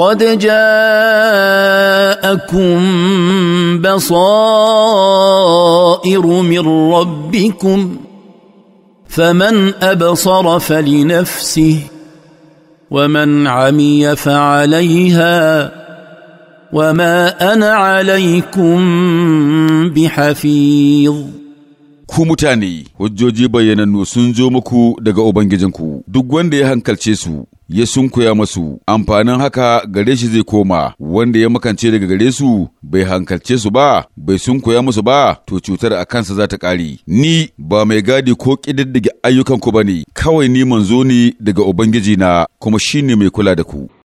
قد جاءكم بصائر من ربكم فمن ابصر فلنفسه ومن عمي فعليها وما انا عليكم بحفيظ ku mutane hujjoji bayyanannu sun zo muku daga Ubangijinku, duk wanda ya hankalce su ya sunkuya masu amfanin haka gare shi zai koma wanda ya makance daga gare su bai hankalce su ba bai sunkuya musu ba to cutar a kansa za ta ƙare ni ba mai gadi ko ƙididdige ayyukan ku bane kawai ni manzo ne daga ubangiji na kuma shine mai kula da ku